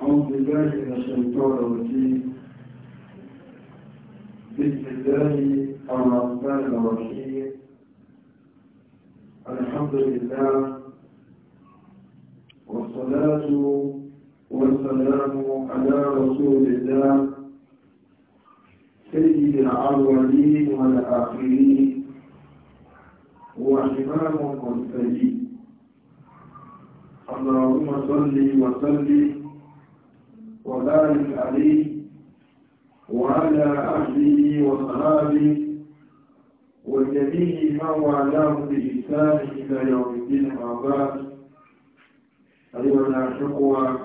أعوذ بالله من الشيطان الرجيم بسم الله الرحمن الرحيم الحمد لله والصلاة والسلام على رسول الله سيد الأولين والآخرين وإمام المرسلين اللهم صل وسلم وبارك عليه وعلى أهله وصحابه وجميع ما وعداه بإحسان إلى يوم الدين أما أيها الأشقوى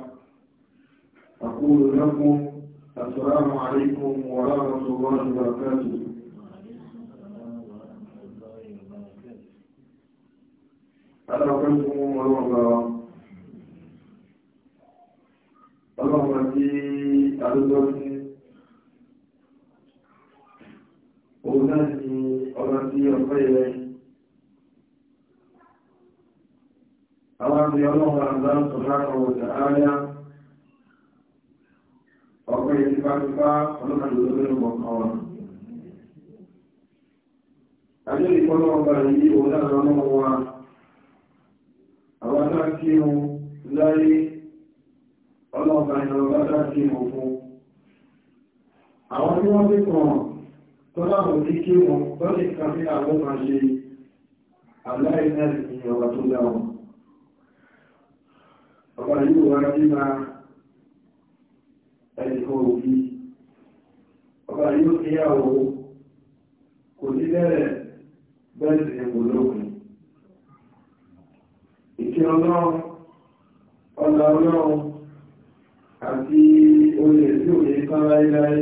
أقول لكم السلام عليكم ورحمة الله وبركاته أنا أقول لكم ورحمة الله Àjọ́ ìpọ́nà ọba yìí òun lára ọmọ wa, àwọn náà kí o láyé ọlọ́ọ̀bá ìrọ̀lọ́bá dá sí òfin. Àwọn tí wọ́n bí kan tó láwọn tí kí wọn tó lè kan sí àwọn máa ṣe aláìlẹ́rìn ìyọ̀wà tó dáwọn. Ọba yìí wọ́n rí máa ẹnìkan òfin yóò níyàwó kò ní bẹ̀rẹ̀ bẹ́ẹ̀ sì kò lókun ìkẹ́ ọlọ́run ọlá ọlọ́run àti olè tí ò ní kán láíláí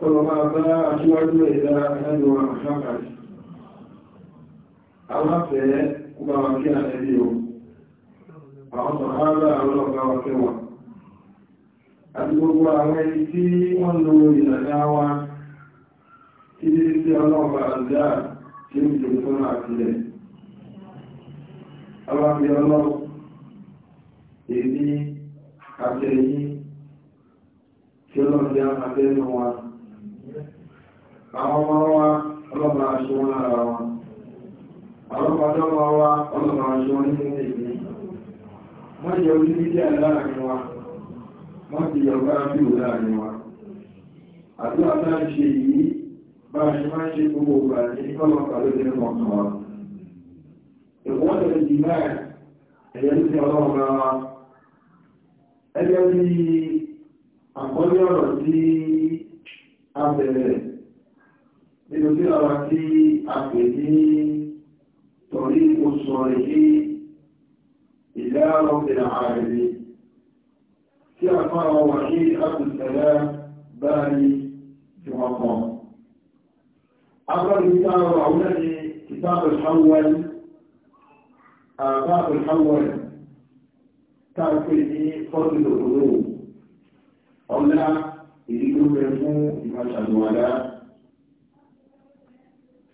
kọlọ máa bá aṣíwájú ẹ̀dá ẹ̀lú àṣákàtì aláfẹ́ kúbáwá kí àtẹ́lẹ́ o àwọn sọ̀hárà ọlọ́gbà wa kẹwàá àti gbogbo àwọn tí wọ́n lo wa tí lè tí ọlọ́ọ̀bà àjá tí ó jẹ́ fún àtìlẹ̀. Alábi ọlọ́ọ̀ èdè àtẹ̀yí tí ọlọ́ọ̀dẹ́ àtẹ́nu wa. Àwọn ọmọ wa ọlọ́ọ̀bà aṣọ wọn lára wa. Àwọn ọmọ wa ọlọ́ọ̀bà aṣọ wọn nínú ìlú. Wọ́n wọ́n ti yọ̀gbá bí ò láàrin wa àdúrà bá ń ṣe yìí bá ṣe máa ń ṣe gbogbo ọgbà ní kọ́lọ̀kà ló dé mọ̀ kan wa ìwọ́n tẹ̀lé di náà ẹ̀yẹ ló ti ọlọ́run bá wa ẹgbẹ́ bí àkọ́lé ọ̀rọ̀ tí tí a máa wà ní àkùsẹ̀lẹ̀ báyìí tí wọ́n kọ́. Agbábi tí a rọ̀ àwọn ẹni kìtàbù Hawwal, àbábù Hawwal, táàkì ní fọ́sílò olówó, ọlá ìdíkú rẹ̀ fún ìmọ̀ṣàlùwàdá.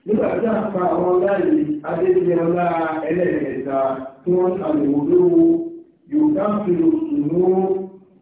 Nígbà tí a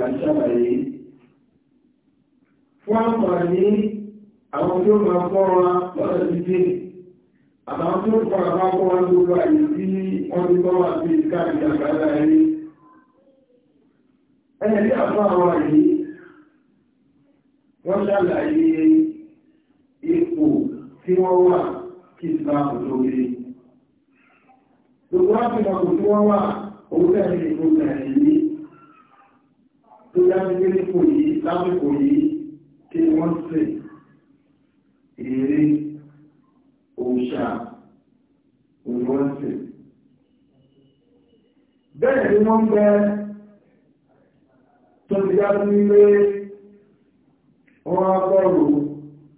la ṣàlàyé fún àǹfààní àwọn tí ó máa kọ́ wa lọ́dọ̀ títí àtàwọn tí ó kọ́ àbá kọ́ wa gbogbo àyè tí wọ́n ti kọ́ wa sí káàkiri àgbàlá ayé ẹni tí àbá wa yìí wọ́n ṣàlàyé ipò tí wọ́n wà kí ìsìláàmù tó rí gbogbo àti ìmọ̀kù tí wọ́n wà òun tẹ̀lé ìgbòkè yìí tó yá ní nípò yìí lásìkò yìí kí wọ́n sè èrè òòṣà òwúrọ̀ sè. bẹ́ẹ̀ ni wọ́n bẹ tó ti yá ní ilé wọ́n á bọ́ọ̀lù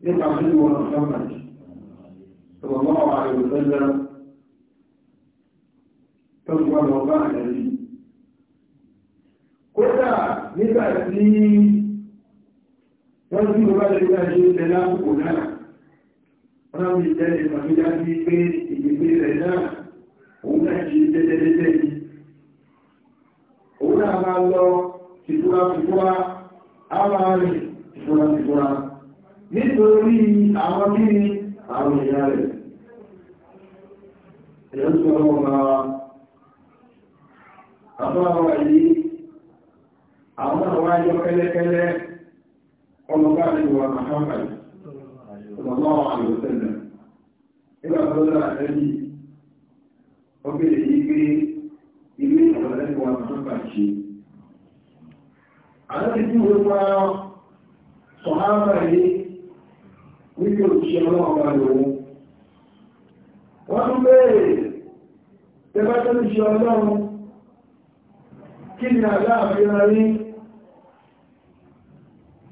nípa sí wọn sọ́nà sọ̀rọ̀ mọ́ àwọn àrẹ̀wò sẹ́lẹ̀ tó ti wọ́n nígbà tí wọ́n tí mo bá lè gbà ṣe ṣe lápò náà wọ́n mi ìfàmíjá sí pé ìgbègbè rẹ̀ náà òun náà ṣe tẹ́tẹ́tẹ́tẹ́ ni òun náà máa lọ tìfúra tìfúra á máa rìn tìfúra tìfúra nítorí àwọn mímí àwọn ìyá rẹ̀ ẹ̀yọ́ sọ́rọ̀ àwọn náà wáyé kẹ́lẹ́kẹ́lẹ́ ọlọ́gbà ní ìwà Muhammad sallallahu alaihi wasallam àwọn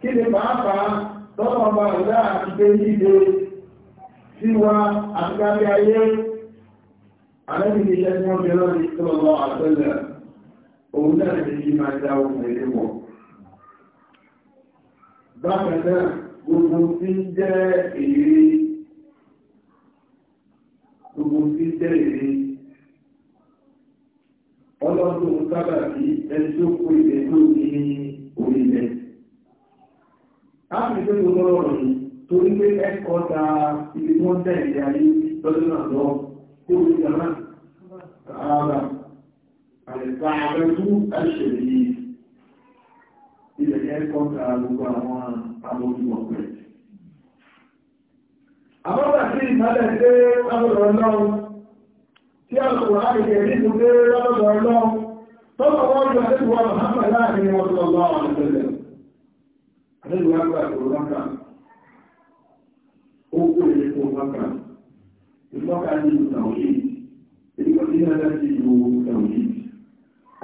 kí ni pàápàá tọ́lọ̀ ọba ọ̀dá àti pé nílé sí wa àtìkárí ayé alẹ́bìnrin iṣẹ́ tí wọ́n jẹ́ lọ́rí tọ́lọ̀ àtẹ́lẹ̀ òun náà ti fi máa já ohun èdè wọ̀ bákan gbogbo tí jẹ́ èrè gbogbo tí jẹ́ èrè ọlọ́dún sábà sí ẹni tó kó ìdè tó ní orílẹ̀ láti pé tó lọ́rọ̀ rẹ̀ torí pé ẹ̀kọ́ ta ibi wọ́n tẹ̀ ìdí ayé lọ́dún náà lọ kó o ti àmà ààbà àlẹ́fà àbẹ́tú àṣẹlẹ̀ yìí ilẹ̀ ẹ̀kọ́ ta gbogbo àwọn abójúmọ̀ pẹ̀. àbọ̀bà sí ìmọ̀lẹ̀ pé lọ́dọ̀ ọlọ́run tí a sọ̀rọ̀ láti kẹ̀ nínú pé lọ́dọ̀ ọlọ́run tọ́lọ̀ wọ́n jọ sí ìwọ̀n Muhammad láàrin ọdún lẹ́yìn wá tó lọ́kà ó kó lè kó lọ́kà ìlọ́kà ní ìtàwọn yìí èyíkọ́ náà láti ìlú ìtàwọn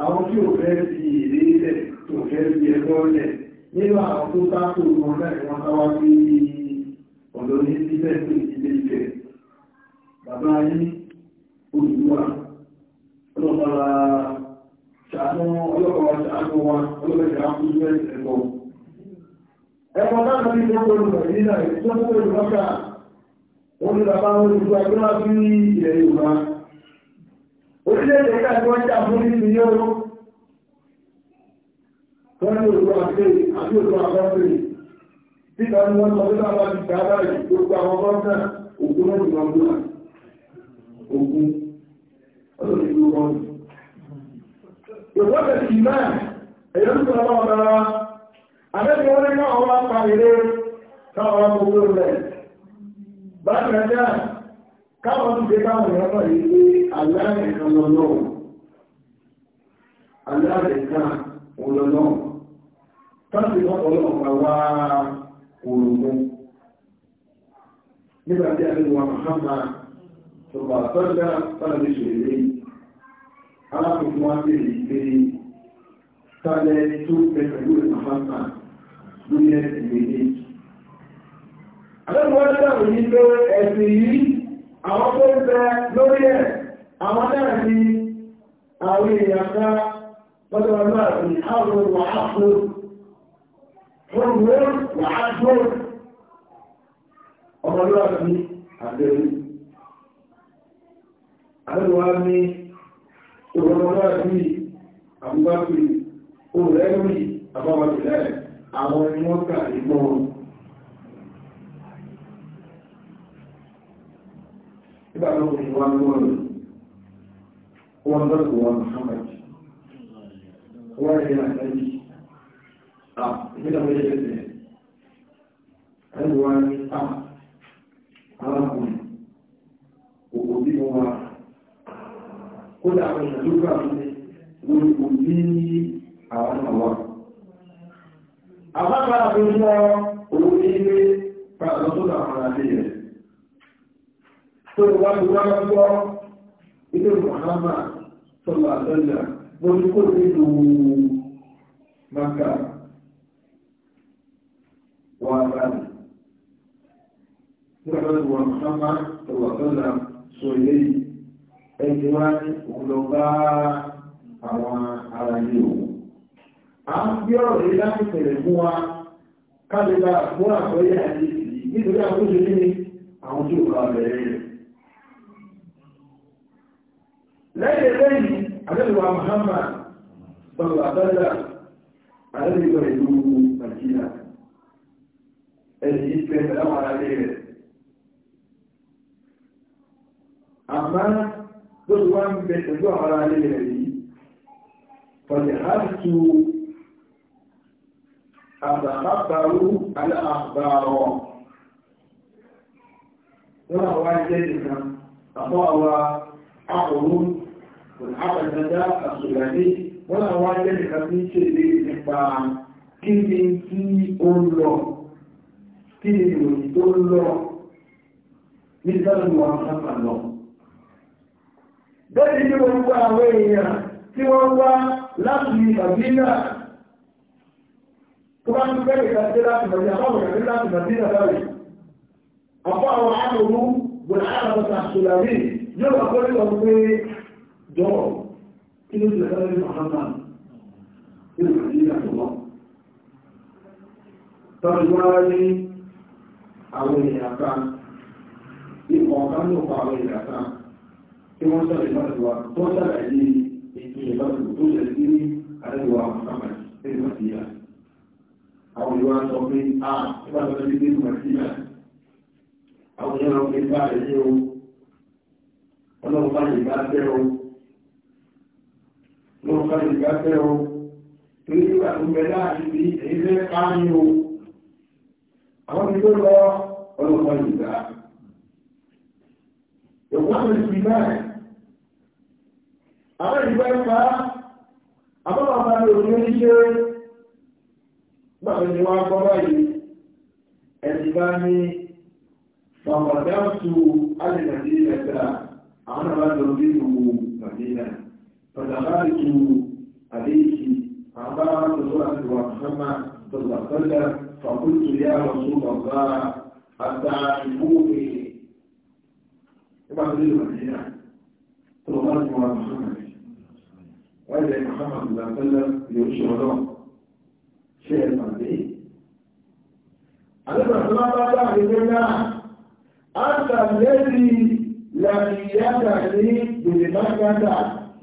àwọn tí ò fẹ́ fi ìrí rẹ̀ tó fẹ́ fi ẹgbọ́ rẹ̀ nínú àwọn tó bá wọn láì wọn bá sí ọ̀dọ́ ní síbẹ̀ tó ìdílé ìfẹ́ bàbá yín olùdúwà ọlọ́pàá ṣàánú ọlọ́pàá ṣàánú wa ọlọ́pàá ṣàánú ẹ̀kọ́ ẹ̀kọ́ náà lórí ilé tó lùmọ̀ yìí náà tó tó lù mọ́ta wọ́n ní bàbá wọn lù wá gbọ́n bí ilẹ̀ Yorùbá orílẹ̀-èdè ká ní wọ́n jà fún ní ti yóò tó ní òkú àti àti òkú àkọ́sí títà ní wọ́n sọ pé bàbá ti gbà báyìí gbogbo àwọn gọ́ọ̀nà òkú náà ti wọ́n gbọ́n òkú ọlọ́run ìlú wọn. Yorùbá tẹ̀sí náà ẹ̀yọ́ ń sọ Àbẹ́bí wọ́n ní ọwọ́ pàdé káwọn gbogbo rẹ̀. Bákan náà, káwọn ti gbé káwọn èèyàn pàdé pé aláàrẹ̀ kan lọ́nà. Aláàrẹ̀ kan òun lọ́nà. sálẹ̀ tó pẹ̀ pẹ̀lú ìfàfà lórí ẹ̀sìn méjèèjì. Àlẹ́kọ̀ọ́ dàbò ní pé ẹ̀sìn yìí àwọn tó ń bẹ lórí ẹ̀ àwọn náà ní àwọn èèyàn ká lọ́dọ̀ náà ní àwọn wàhálà Olùwé kò rẹ́rì àwọn ni wọ́n kà nínú nígbà tó fi wọ́n wọn wọ́n rí wọ́n àwọn náà wà. àbábà tó ń lọ òun ní ilé padà lọ sódà àwọn àti rẹ̀ tó ń wá lóra maka wà báyìí. Nígbà tó ará ilé òun a ń gbé ọ̀rọ̀ yìí láti tẹ̀lé fún wa káàlẹ̀ bá fún àgbọ́yé àti nítorí àkóso ní àwọn tí ó bá bẹ̀rẹ̀ rẹ̀. lẹ́yìn lẹ́yìn àdẹ́lùwà Muhammad sọ̀rọ̀ àtọ́lá àdẹ́lùwà ìlú nàìjíríà ẹni ìfẹ́ láwọn aráyé rẹ̀ àmá lóṣù wá ń bẹ pẹ̀lú àwọn aráyé rẹ̀ yìí pọ̀lẹ̀ àtàkàtàrú aláàbàrọ̀ wọ́n àwọn jẹ́ nìkan àpọ́ àwọn àkọrú àpàdàdá àṣòyàní wọ́n àwọn jẹ́ nìkan tí ṣe lè nípa kí ni tí ó ń lọ kí ni ìròyìn tó lọ ní sáàlùwà sáàpà lọ bẹ́ẹ̀ tó bá ń gbé ìgbàdé láti mọ̀dí àbáwọ̀ ìgbàdé láti mọ̀dí àbáwọ̀ àbá àwọn àlòmú wọn àlàbọ̀tà sùlàrí yóò wà pẹ́lú wọn pé jọ kí ló ti lẹ́sẹ̀ lórí mọ̀hánà nínú ìgbàdé àti wọn. tọ́jú wọn ní àwọn èèyàn kan ikọ̀ kan ní ọkọ̀ àwọn èèyàn kan tí wọ́n sọ̀rọ̀ ìbáṣepọ̀ tó sọ̀rọ̀ yìí ètò ìbáṣepọ̀ tó ṣẹlẹ̀ sí àdéhùwà àmàlì ẹ̀rọ ìyá àwọn ìwà sọ pé a nígbà tó lọ́dún nínú màsílà àwọn ìyára pé bá rẹ̀ ṣe o ọlọ́run bá lè bá fẹ́ o ọlọ́run bá lè bá fẹ́ o torí nígbà tó bẹ láàrin bí èyí fẹ́ ká ní o àwọn ti tó lọ ọlọ́run bá lè bá ẹ̀kọ́ àwọn ìsìn náà àwọn ìgbà ẹ̀fà àbọ̀bọ̀ bá lè ṣe Báwọn ni wọ́n gbọ́ báyìí, ẹni bá ní Fàmàdáàtù Alìmàdínà tẹ́lá, àwọn náà bá lọ bí ìlú Màdínà. Fàdàbáàtù Àdéhìí, àwọn bá wá lọ sọ́ra ti wà Mùsùlùmá tọ̀lá tọ́lá fàkúntù yá lọ sí bàbá àtà ìfúnni. Nígbà tó lè Màdínà, tọ́lá ti wà Mùsùlùmá. Wọ́n ilẹ̀ Mùsùlùmá tọ́lá yóò ṣe ọlọ́run ṣe é pàdé. Àlejò tó máa bá bá àgbègbè náà, á tàbí làbìyàtà ní gbèdè mákàtà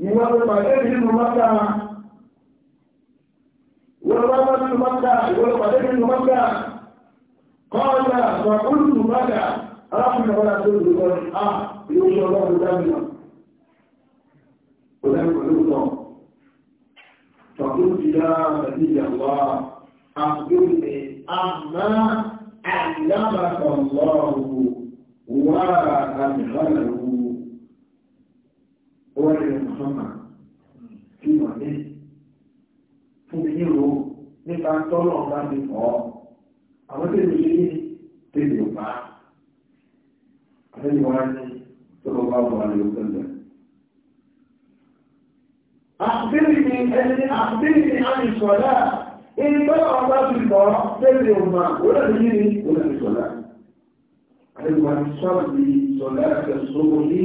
ìwà tó pàdé nínú mákà. Wọ́n bá bá nínú mákà, ìwà tó pàdé nínú mákà. Kọ́ọ̀dà fàkúrùtù mákà, arákùnrin àwọn àti olùkọ́ ni, ah, ìwé ìṣọ́lá ọ̀dọ́ dámìnà. Ọ̀dọ́ ìpàdé ọ̀dọ́. فقلت يا نبي الله àgbèrè àmà àlábàtà lọ́rù wà àgbàlù orí ọ̀sánmà tí wọ́n ní fún mi níro nípa tọ́lọ̀ bá mi kọ́ àwọn tí èmi ṣe tèmi ò bá àtẹ́yìnwá ní tọ́lọ̀ bá wà ní òṣèlú. أخبرني أخبرني عن الصلاة ìgbẹ́ ọ̀pá ti bọ̀ tẹ́lẹ̀ ọmọ olóòrùn ní olóòrùn sọ̀lá. Àdìgbà sọ́ọ̀bì sọ̀lá ẹ̀fẹ̀ sọ́wọ́ ní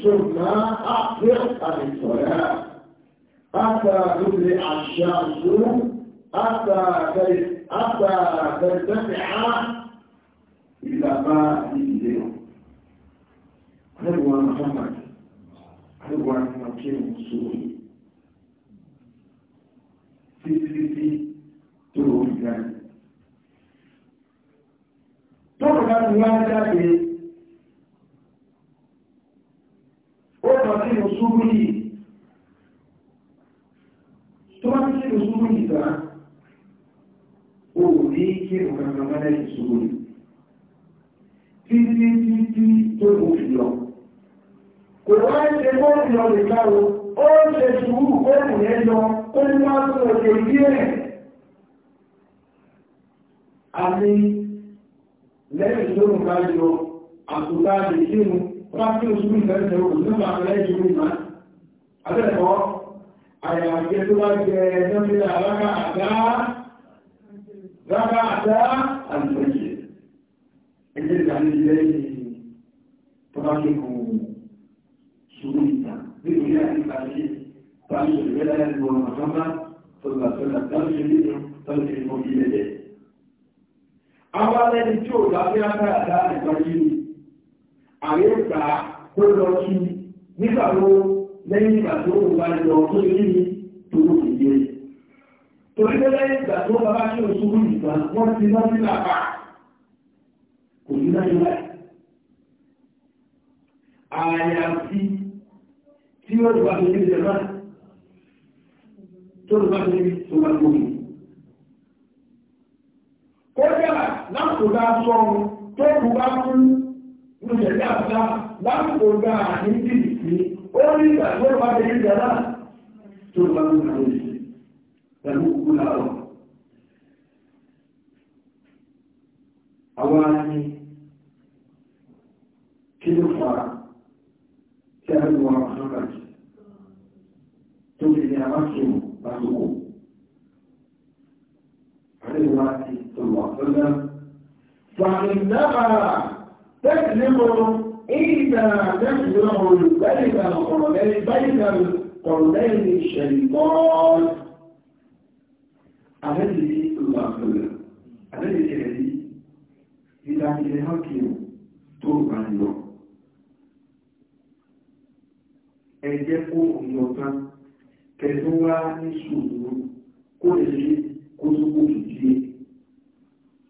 ṣùgbọ́n àpẹ́ àti sọ̀lá. Àtà lóde àṣà ṣú, àtà tẹ̀tẹ̀tẹ̀ á ìlàbá ìdílé. Àdìgbà Muhammad, àdìgbà Muhammad kí ni sọ́wọ́ yìí títí títí tó rò ní ìgbà tọ́pọ̀ bá ti wá jáde ó lọ sí ìṣúrú yìí tó bá ti sí ìṣúrú yìí gbà ó ní kí ìrùkàkà bá lẹ́yìn ìṣúrú yìí títí títí tó rò lọ kò wá ṣe mọ́ ìlọ lè káwọ́ ó ṣe sùúrù ó mú yẹn lọ wá tó ọjọ́ ìdí ẹ̀ àti lẹ́yìn tó ń bá yọ àtúntà lè sínú rákí oṣù ìfẹ́sẹ̀ òṣùnà lẹ́yìn ìgbà abẹ́ẹ̀kọ́ àyàfẹ́ tó bá jẹ ẹ̀ẹ́dẹ́gbẹ̀rẹ̀ alága àdá ìtàn بولاية العزيز تعيش البلد والمحمد صلى الله عليه وسلم تمشي منهم تمشي lọ sí nígbàtó lẹ́yìn ìgbà tó ń gba ìlọ tó yé ní lẹ́yìn ìgbà tó bá bá ìgbà wọ́n ti lọ sí làpá kò ní tí wọ́n ti bá fi ndị ìjọba tó ló ndị láti bá sọ tó kù bá fún ní ìjọba láti kò gba àní jìbìtì ó ní ìgbà bá fi ìjọba tó bá pẹ̀lú kúkú láàrọ̀. Àwọn kí ló fà a tó lè ní amáṣòwò lásìkò. Àlejò wa ti sọ̀rọ̀ àfẹ́lẹ́. Fàìnàmà tẹ́sí níbo ìdá tẹ́sí lọ́wọ́ olùgbẹ́lẹ̀ ìgbà ọ̀rọ̀lẹ́yìn báyìí ìgbà ọ̀rọ̀lẹ́yìn ìṣẹ̀lẹ̀ bọ́ọ̀lù. Àlejò ti sọ̀rọ̀ àfẹ́lẹ́. Àlejò tó bá ń kó òun lọ kẹtù wá ní sùúrù kó lè ṣe kó tó kó tó tiẹ̀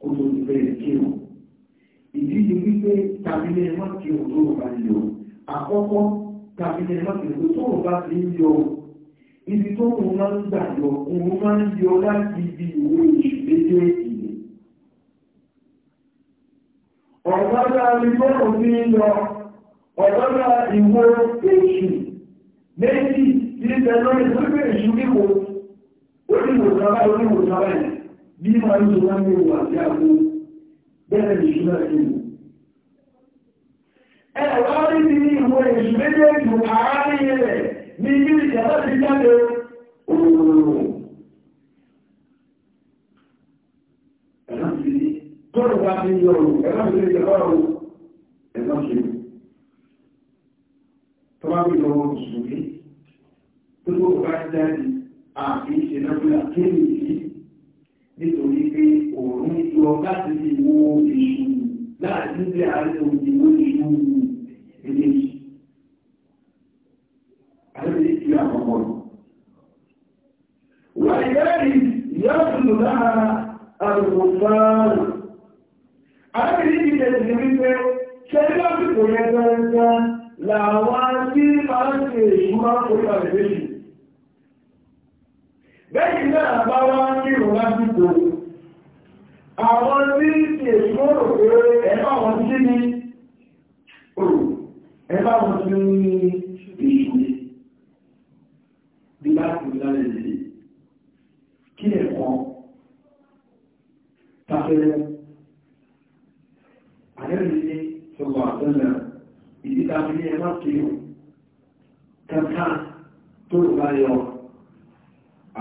kó tó tó bẹ̀rẹ̀ kéwòn ìdí ni wípé tàbí ní ẹmọ́ kéwòn tó rò bá yọ àkọ́kọ́ tàbí ní ẹmọ́ kéwòn tó rò bá ti ń yọ ibi tó kún máa ń gbà yọ òun máa ń yọ láti ibi ìwé ìṣùgbéjẹ́ ìlú ọ̀gọ́dá ìgbọ́rùn ti ń lọ ọ̀gọ́dá ìwó èṣù méjì bíbẹ lórí pípẹ́ ìṣú kíkò àárín rẹ̀ ní bí ìjàmbá jáde òòrùn. ẹ̀rọ ti tó ìgbà tó tó bá jáde àfi ìṣẹ̀lẹ́gbẹ̀lá kéèmì sí nítorí pé òun yọ láti fi wo èṣù láti ní àárẹ̀ òjì wọ́n èṣù eléyìí. Àlébìlì ti àkọ́kọ́ lọ. Wà ìgbẹ́rì yọ́sùn lára àrùkùnfààrù. Àlébìlì ti tẹ̀sí wípé ṣe lọ́sùn kò yẹ gbẹ́gbẹ́ làwọn tí máa ń ṣe èṣù máa ń kó ìbàlẹ̀ méjì. Bẹ́yìn náà bá wá nírò lásìkò, àwọn tí ṣe ìṣòro pé ẹ̀bá wọn sí ní òrò, ẹ̀bá wọn sí ní ìṣòro. Bí bá kò lálẹ́ lè kí ẹ̀kọ́ tafẹ́rẹ́ àrẹ́rìí sọ̀rọ̀ àtọ́lẹ̀ ìdítàfẹ́ ẹ̀má kí ó kẹta tó rọ̀ bá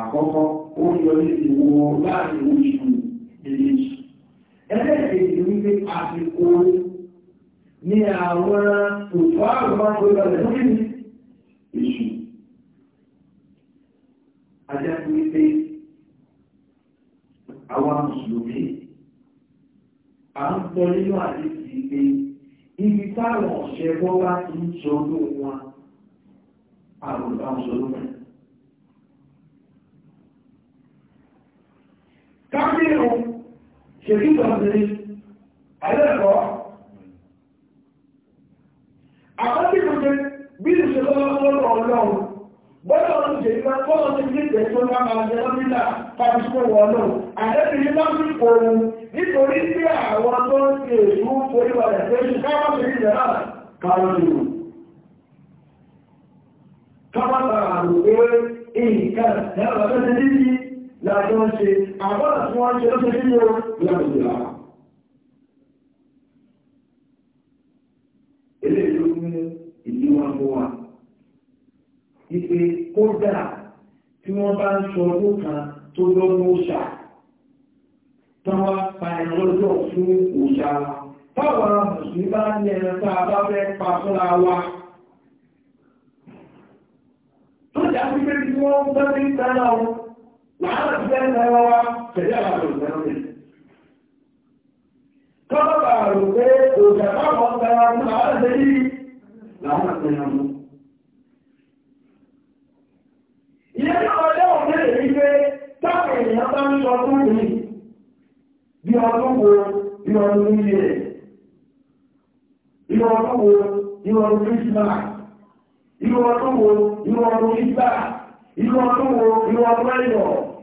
àkọ́kọ́ ó ń yọ ní ìwò láàrin oṣù méjèèjì ẹlẹ́ẹ̀kejì wípé àsìkò ní àwọn òtò àrùn ọgbẹ̀rẹ̀ lórí ìṣù ajẹ́kù wípé àwọn mùsùlùmí a ń gbọ́ nínú àdéhùn wípé ibi táwọn ọ̀ṣẹ́ bọ́ bá ti ń sọ lóun wa àrùn táwọn sọ lóun kábírù ṣèlú ìtọ́sílẹ̀ ẹlẹ́kọ́ àkọ́síkùnjẹ bí i ṣe lọ́wọ́lọ́wọ́ ọlọ́run bọ́lá ọdún ṣe ìgbà bọ́lá ti ní ìgbẹ̀ tó máa máa jẹ́ lọ́mílà pàtíkò wọ́n náà àdẹ́bìnrin lọ́mí kòrò nítorí pé àwọn tó ń ṣe èṣù orí wà rẹ̀ pé ṣe káwọn ṣe ìjẹ́ náà káwọn ṣe rò káwọn ṣe àrùn pé nǹkan ẹ̀rọ tó ti ní láàjọ́ ń tí wọ́n ṣe lọ́sẹ̀ nínú ìlànà Ilé ìlú ìlú wọn bó wa. Ipe kódà tí wọ́n bá ń sọ ọdún kan tó lọ́gbọ́n òṣà. Táwa pa ẹran lọ́jọ́ fún òṣà wa. Táwa Mùsùlùmí bá ń ní tá a bá fẹ́ pa fúnra wa. Tó jà pípé tí wọ́n bá ń gbára wọn. ka ti fẹ́ náà wá tẹ̀lé àwọn na rẹ̀. Tọ́lọ́bà rò pé òṣèlú àwọn ọ̀tẹ̀lá ní àwọn àṣẹ́lú làwọn àṣẹ́lú mú. Ilé náà ọjọ́ òun lè rí pé táwọn ènìyàn bá ń ọrụ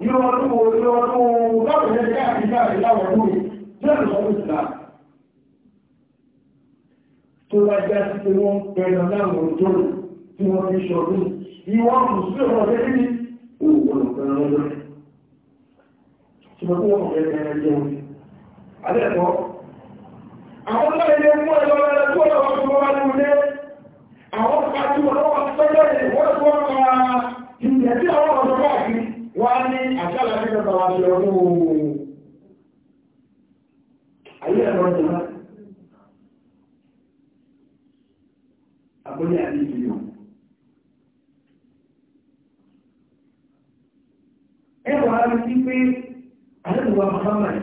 irú ọdún wo irú ọdún lọ́dún yẹn káàkiri káàkiri láwọn ọdún yìí tí wọ́n sọ fún ìsìlá tó bá já sí pé wọ́n pẹ̀lú láwọn ọjọ́ tí wọ́n fi ṣọdún ìwọ́n kò sí ọ̀rọ̀ ọ̀rẹ́ níbi òun ọ̀rọ̀ ọ̀rọ̀ ṣùgbọ́n tó wọ́n fẹ́ ẹ̀rẹ́ jẹun adẹ́kọ̀ọ́ àwọn náà ilé mú ẹ̀rọ ẹ̀rẹ́ tó lọ́wọ́ tó wọ́n wá ní ilé àwọn pàtó ọlọ́wọ́ tó lọ́wọ́ tó lọ́wọ́ tó wọ́n pa ìgbẹ̀bí àwọn ọ̀dọ́ káàkiri wa á ní àṣàlà ní kẹta wa ṣe ọdún ooo ayé ẹ̀rọ jẹ náà abúlé àdéjì yìí ẹ wà á rí na pé àdéhùwà Muhammad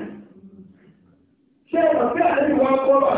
ṣé ẹ̀rọ pé àdéhùwà kọ́rọ̀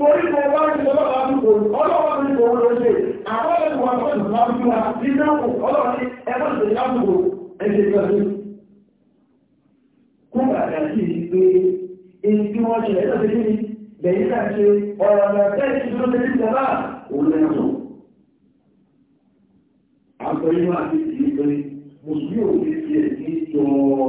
torí kò bá ní ọlọ́wọ́ àti òòlù ọlọ́wọ́ ní kò wọ́n ṣe àwọn ẹ̀kọ́ wọn tó ń bá bí wa nínú ọlọ́wọ́ ní ẹgbẹ́ ìṣẹ̀lẹ̀ lábùkù ẹgbẹ́ ìṣẹ̀lẹ̀ kó bàtà sí i pé èyí tí wọ́n ṣe ẹ̀ṣẹ̀ sí ni lẹ́yìn náà ṣe ọ̀rọ̀ ọ̀rọ̀ tẹ́ẹ̀sì tó ṣe ní sẹ́lá òun lẹ́yìn sọ. àpẹẹrẹ máa ti di pé mùsùlùmí ò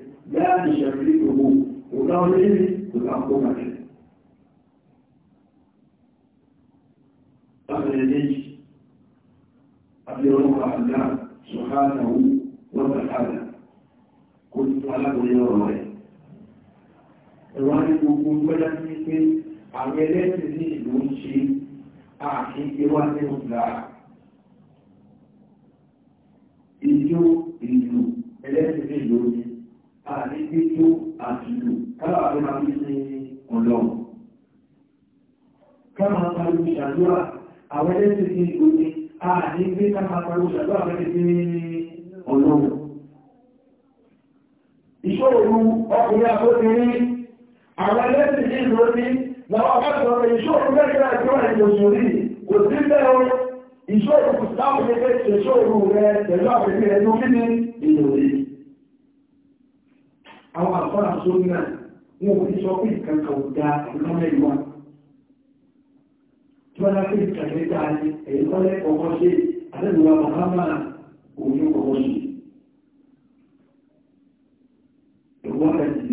لا تشكله وضعه وضعه أخر يديك أبيرك الله سبحانه وتعالى كنت على كل يوم ìwádìí gbogbo gbọ́dá sí pé àwọn ẹlẹ́sìn ní ìlú ń ṣe àkíkẹ́ wá ní ọ̀gá ìjó ìlú ẹlẹ́sìn ní ìlú ní àdégbétó àtìlù káwà tó máa fi ṣe ọlọ́run ká máa parí ìṣàdúrà àwọn ẹlẹ́sìn ti ìlú ni àdégbé ká máa parí ìṣàdúrà fẹ́ ti ọlọ́run ìṣòro ọkùnrin àbóbìnrin àwọn ẹlẹ́sìn ti ìlú ni làwọn bá sọ̀rọ̀ ìṣòro mẹ́ta ìjọba ìjọsòrí kò sí bẹ́ẹ̀ ìṣòro kò sáwọn ẹgbẹ́ ìṣòro rẹ pẹ̀lú àpẹẹrẹ ẹnu kí ni ìlú yìí àwọn àfọ́nà tó ní náà wọn ò ní sọ pé nǹkan kan ò da nǹkan mẹ́rin wa tí wọ́n dákẹ́ nǹkan mẹ́rin dáa ní ẹ̀yìn kọ́ lẹ́ ọkọ̀ ṣe bàbá máa kò ní ọkọ̀ ṣe. ìwọ́ ẹ̀sìn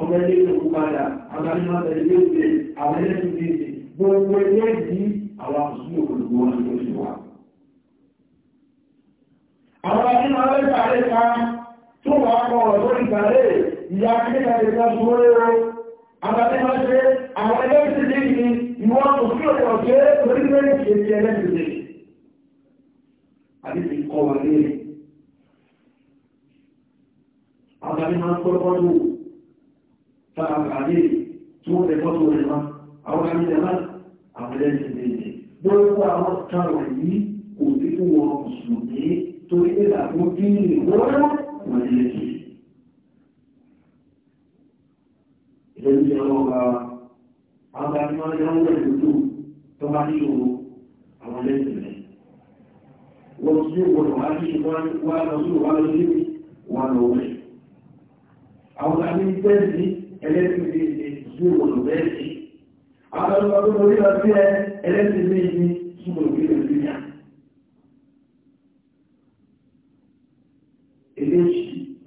ọmọ ilé ìlú padà àwọn àmìmọ́ ilé ìgbé àwọn ilé ìgbé gbogbo ilé ìdí àwọn àmùsùn òkùnkùn wọn ló ṣe wà. àwọn àmìmọ́ ilé ìgbàlẹ̀ ká tó wà kọ ọ̀dọ́ ìgbàlẹ̀ ìyá akéka lè ká sọ lérò àwọn àmìmọ́ ṣe àwọn ilé ìdílé ní ìwọ́n tó sí ọ̀dọ̀ ṣe orílẹ̀ èdè ẹlẹ́dìdè. àdìsí kọ wà lé àwọn àmìmọ́ sáàmù àdéhì tí wọ́n tẹ fọ́tò rẹ̀ máa àwọn àmìlẹ̀ máa àbúlẹ́sì méje gbogbo àwọn kàrọ̀ yìí kò sí fún wọn mùsùlùmí torí nígbà tó bí ìwọ́n wọ̀nyẹ̀ sí ìlẹ́yìn ọlọ́ọ̀gá àwọn àmìlẹ̀ wọn wẹ̀ lójú tó bá ní ìṣòro àwọn lẹ́sìn rẹ̀ wọ́n sí ìwọ̀n wá sí ìwọ̀n wá lọ sí ìwọ̀n lọ sí ìwọ̀n lọ wẹ̀ àwọn àmì ẹlẹ́sìn méjì zúrò lọ́wẹ́sì àwọn ọmọ tó lórí lọ sí ẹ ẹlẹ́sìn méjì zúrò lórí lọ sí yá. eléyìí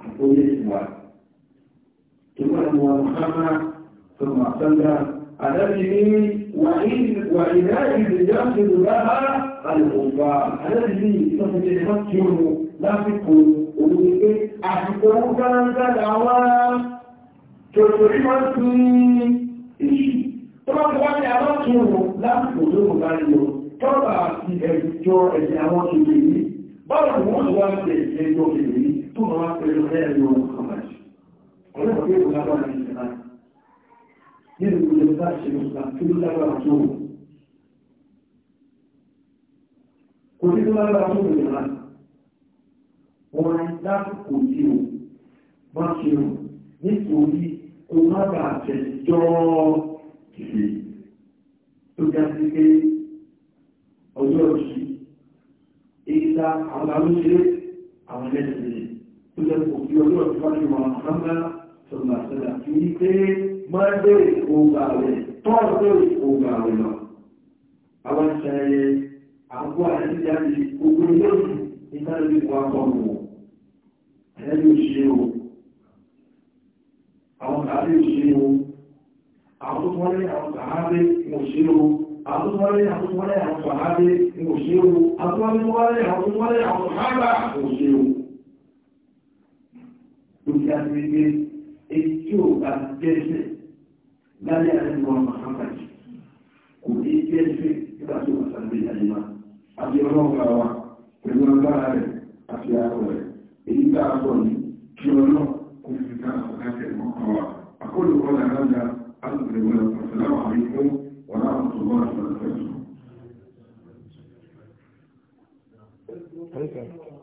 àkóyè ìwà tó bá ní wọn kánà tó máa sọ́dá àdábìnrin wàhíná ìdíjọ́ ti lù lára àlùkòfà àdábìnrin ìtọ́sílẹ̀ máa kí òun lásìkò òun ni pé àsìkò òun dáadáa àwọn tòtòrí wọ́n fi ìṣù tó bá ti wá ní aláàtún òun láti òjò kò bá lò tọ́bà àti ẹ̀jọ ẹ̀jẹ̀ àwọn kèfèé ní báwọn ni wọ́n wá ní ẹ̀jọ kèfèé ní tó máa wá pẹ̀lú ẹ̀rọ ọmọdé ọlọ́pàá yóò lágbára ní ìṣẹ̀lá nínú ìlú bá ṣe lọ́sà tó lágbára tó kò sí tó lágbára tó ìṣẹ̀lá wọ́n kò má bàa tẹ̀jọ́ ìlè tó ga sí pé ọjọ́ òṣì ìgbà àwọn alóṣèré àwọn ẹlẹ́sìn tó jẹ́ kò fi ọjọ́ òṣì wájú wọn àmọ́ sọ̀rọ̀ àṣẹlẹ̀ kì í pé mọ́ndé ìkógbà rẹ̀ tọ́ọ̀dé ìkógbà rẹ̀ lọ. àwọn ìṣẹ̀lẹ̀ àgọ́ àyẹ̀díjáde gbogbo ilé ìgbàlódé wà kọ̀ wọ̀ ẹ̀yẹ́ ló àwọn tàbí òṣèlú àwọn tó wọ́n lé àwọn tàbí òṣèlú àwọn tó wọ́n lé àwọn tó wọ́n lé àwọn tàbí òṣèlú àwọn tó wọ́n lé àwọn tó wọ́n lé àwọn tàbí òṣèlú lórí agbègbè èyí tí ó bá jẹ́sẹ̀ lálẹ́ àrẹ́gbọ́ mahamadi kò ní jẹ́sẹ̀ nígbà tí ó wà sàgbé àyíká àti ọlọ́ọ̀gá wa pẹ̀lú agbára rẹ̀ àti àárọ̀ rẹ̀ èyí tá a sọ ní kí ọlọ́ọ̀ أقول قول هذا أصبر والسلام عليكم ورحمة الله وبركاته.